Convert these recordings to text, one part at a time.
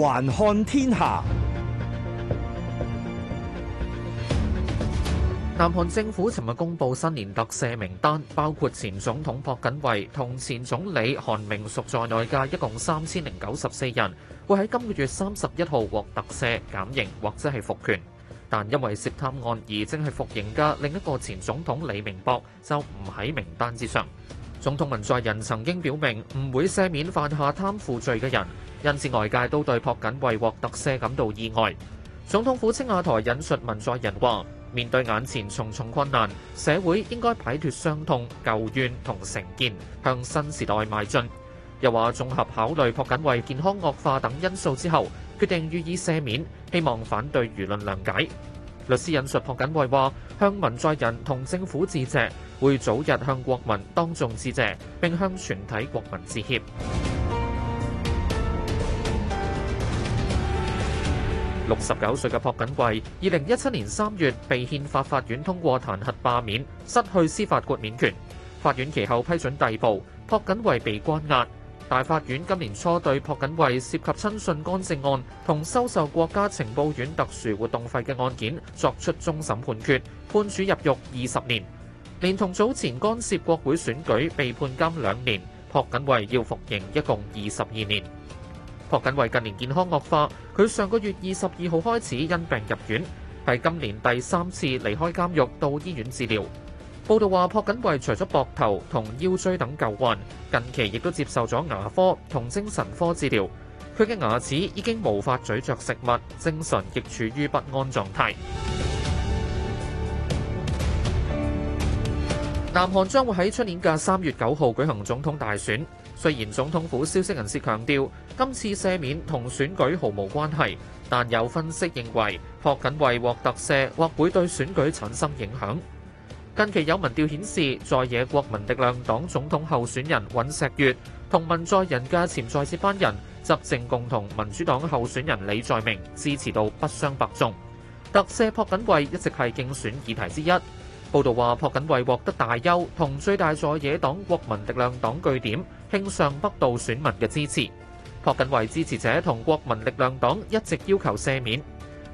環看天下。南韓政府尋日公布新年特赦名單，包括前總統朴槿惠同前總理韓明淑在內嘅一共三千零九十四人，會喺今個月三十一號獲特赦，減刑或者係復權。但因為涉貪案而正係服刑嘅另一個前總統李明博就唔喺名單之上。總統文在寅曾經表明唔會赦免犯下貪腐罪嘅人，因此外界都對朴槿惠獲特赦感到意外。總統府青瓦台引述文在寅話，面對眼前重重困難，社會應該擺脫傷痛舊怨同成見，向新時代邁進。又話綜合考慮朴槿惠健康惡化等因素之後，決定予以赦免，希望反對輿論諒解。律師引述朴槿惠話：向文在寅同政府致謝，會早日向國民當眾致謝，並向全體國民致歉。六十九歲嘅朴槿惠，二零一七年三月被憲法法院通過彈劾罷免，失去司法豁免權。法院其後批准逮捕，朴槿惠被關押。大法院今年初對朴槿惠涉及親信干政案同收受國家情報院特殊活動費嘅案件作出終審判決，判處入獄二十年，連同早前干涉國會選舉被判監兩年，朴槿惠要服刑一共二十二年。朴槿惠近年健康惡化，佢上個月二十二號開始因病入院，係今年第三次離開監獄到醫院治療。報道話，朴槿惠除咗膊頭同腰椎等舊患，近期亦都接受咗牙科同精神科治療。佢嘅牙齒已經無法咀嚼食物，精神亦處於不安狀態。 南韓將會喺出年嘅三月九號舉行總統大選。雖然總統府消息人士強調，今次赦免同選舉毫無關係，但有分析認為，朴槿惠獲特赦或會對選舉產生影響。近期有民調顯示，在野國民力量黨總統候選人尹錫悅同文在寅嘅潛在接班人執政共同民主黨候選人李在明支持度不相伯仲。特赦朴槿惠一直係競選議題之一。報道話，朴槿惠獲得大邱，同最大在野黨國民力量黨據點慶尚北道選民嘅支持。朴槿惠支持者同國民力量黨一直要求赦免。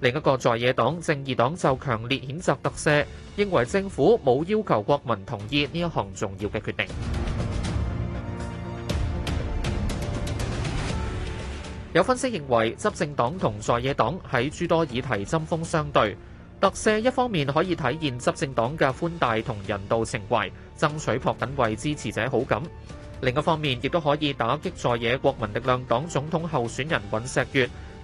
另一個在野黨正義黨就強烈譴責特赦，認為政府冇要求國民同意呢一項重要嘅決定。有分析認為，執政黨同在野黨喺諸多議題針鋒相對。特赦一方面可以體現執政黨嘅寬大同人道情懷，爭取朴槿惠支持者好感；另一方面亦都可以打擊在野國民力量黨總統候選人尹錫悅。